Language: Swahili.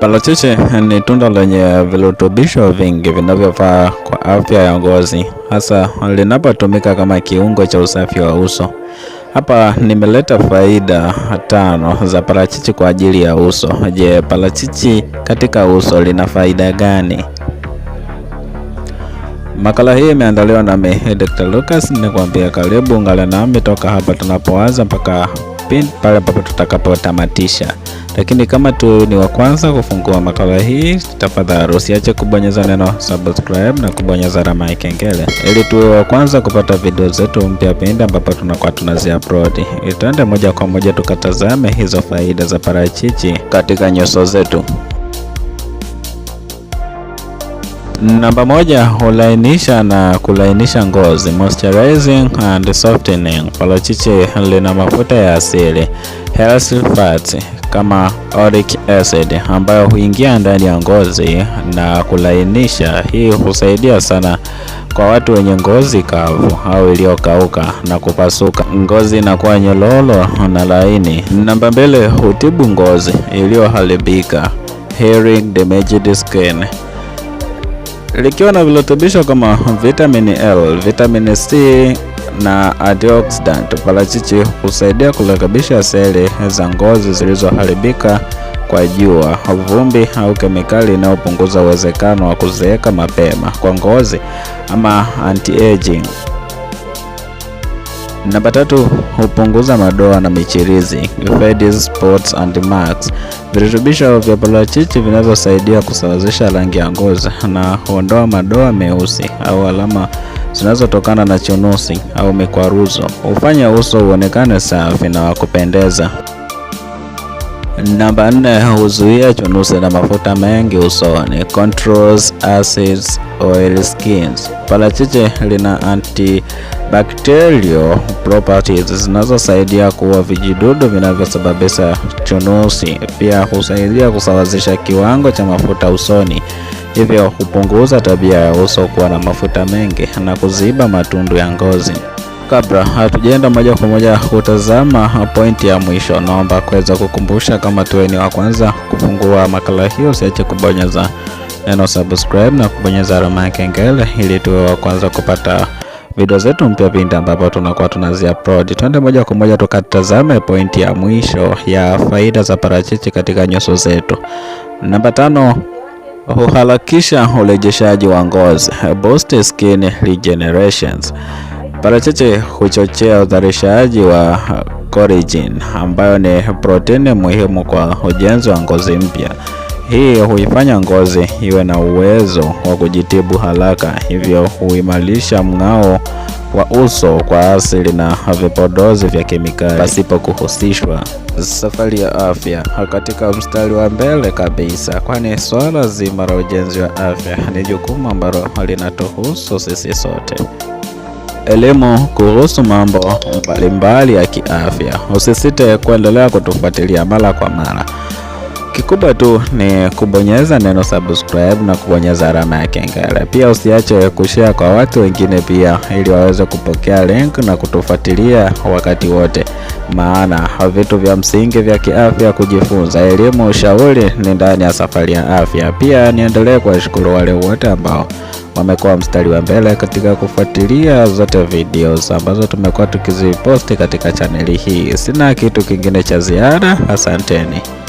Parachichi ni tunda lenye virutubisho vingi vinavyofaa kwa afya ya ngozi, hasa linapotumika kama kiungo cha usafi wa uso. Hapa nimeleta faida tano za parachichi kwa ajili ya uso. Je, parachichi katika uso lina faida gani? Makala hii imeandaliwa nami Dr. Lucas, kuambia karibu, ungana nami toka hapa tunapoanza mpaka pale papo tutakapotamatisha. Lakini kama tu ni wa kwanza kufungua makala hii, tafadhali usiache kubonyeza neno subscribe na kubonyeza alama ya kengele ili tuwe wa kwanza kupata video zetu mpya pindi ambapo tunakuwa tunaziaprodi upload. moja kwa moja tukatazame hizo faida za parachichi katika nyuso zetu. Namba moja, hulainisha na kulainisha ngozi, moisturizing and softening. Parachichi lina mafuta ya asili healthy fats kama oric acid ambayo huingia ndani ya ngozi na kulainisha. Hii husaidia sana kwa watu wenye ngozi kavu au iliyokauka na kupasuka. Ngozi inakuwa nyololo na laini. Namba mbili, hutibu ngozi iliyoharibika hearing damaged skin likiwa na virutubisho kama vitamin L, vitamin C na antioxidant. Parachichi husaidia kurekebisha seli za ngozi zilizoharibika kwa jua, vumbi au kemikali inayopunguza uwezekano wa kuzeeka mapema kwa ngozi ama anti-aging. Namba tatu, hupunguza madoa na michirizi Fades, spots and marks. Virutubisho vya parachichi vinavyosaidia kusawazisha rangi ya ngozi na huondoa madoa meusi au alama zinazotokana na chunusi au mikwaruzo hufanya uso uonekane safi na wa kupendeza. Namba nne, huzuia chunusi na mafuta mengi usoni, controls acids oil skins. Parachichi lina antibacterial properties zinazosaidia kuua vijidudu vinavyosababisha chunusi. Pia husaidia kusawazisha kiwango cha mafuta usoni hivyo hupunguza tabia ya uso kuwa na mafuta mengi na kuziba matundu ya ngozi. Kabla hatujaenda moja kwa moja kutazama pointi ya mwisho, naomba kuweza kukumbusha, kama tuwe ni wa kwanza kufungua makala hiyo, usiache kubonyeza neno subscribe na kubonyeza alama ya kengele ili tuwe wa kwanza kupata video zetu mpya pindi ambapo tunakuwa tunazi upload. Twende moja kwa moja tukatazame pointi ya mwisho ya faida za parachichi katika nyuso zetu. Namba tano huharakisha urejeshaji wa ngozi boost skin regenerations. Parachichi huchochea uzalishaji wa collagen ambayo ni protini muhimu kwa ujenzi wa ngozi mpya. Hii huifanya ngozi iwe na uwezo wa kujitibu haraka, hivyo huimarisha mng'ao wa uso kwa asili na vipodozi vya kemikali pasipo kuhusishwa. Safari ya afya katika mstari wa mbele kabisa, kwani swala zima la ujenzi wa afya ni jukumu ambalo linatuhusu sisi sote. Elimu kuhusu mambo mbalimbali ya kiafya, usisite kuendelea kutufuatilia mara kwa mara. Kikubwa tu ni kubonyeza neno subscribe na kubonyeza alama ya kengele. Pia usiache kushare kwa watu wengine pia, ili waweze kupokea link na kutufuatilia wakati wote, maana vitu vya msingi vya kiafya, kujifunza, elimu, ushauri ni ndani ya Safari ya Afya. Pia niendelee kuwashukuru wale wote ambao wamekuwa mstari wa mbele katika kufuatilia zote videos ambazo tumekuwa tukiziposti katika chaneli hii. Sina kitu kingine cha ziada, asanteni.